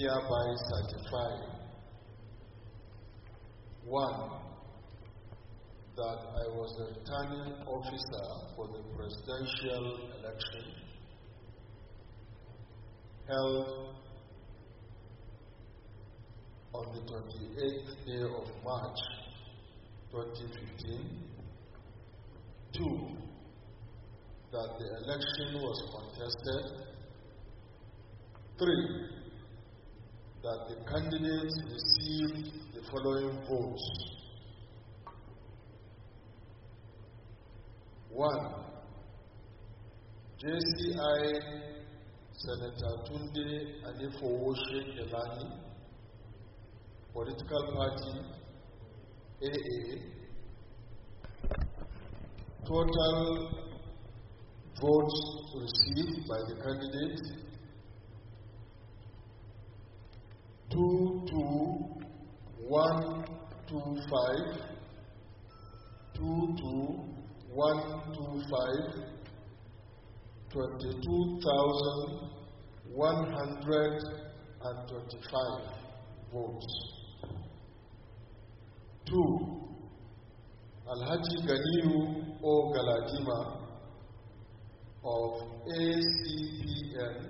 hereby certify one, that I was a returning officer for the presidential election held on the 28th day of March 2015. Two, that the election was contested. Three, that the candidates received the following votes. One, JCI Senator Tunde Adefowo Sheikh Political Party, AA, total votes received by the candidates two two one two five two two one two five twenty two thousand one hundred and twenty five votes. Two Alhaji Ganiu O Galadima of ACPN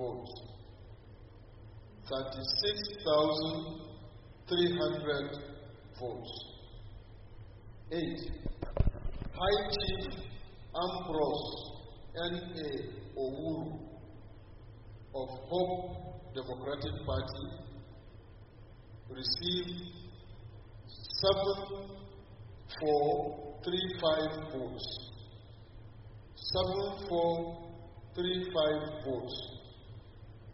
votes. 36,300 votes. 8. High Chief Ambrose N.A. Owuru of Hope Democratic Party received 7435 votes. 7435 votes.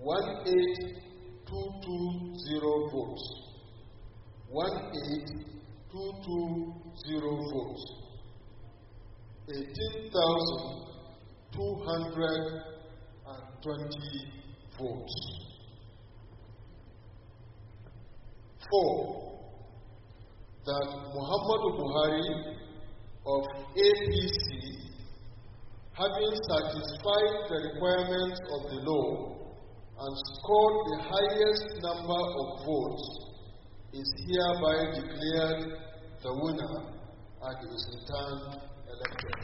18220 votes. 18220 votes. 18,220 votes. 4. That Muhammad Buhari of APC having satisfied the requirements of the law and scored the highest number of votes is hereby declared the winner and is in election. elected.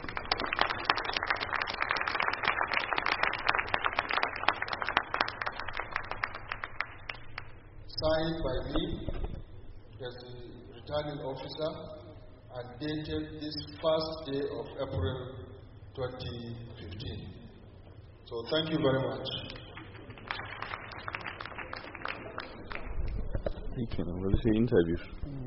Signed by me as the returning officer and dated this first day of April 2015. So thank you very much. Det kan man vel sige, indtil vi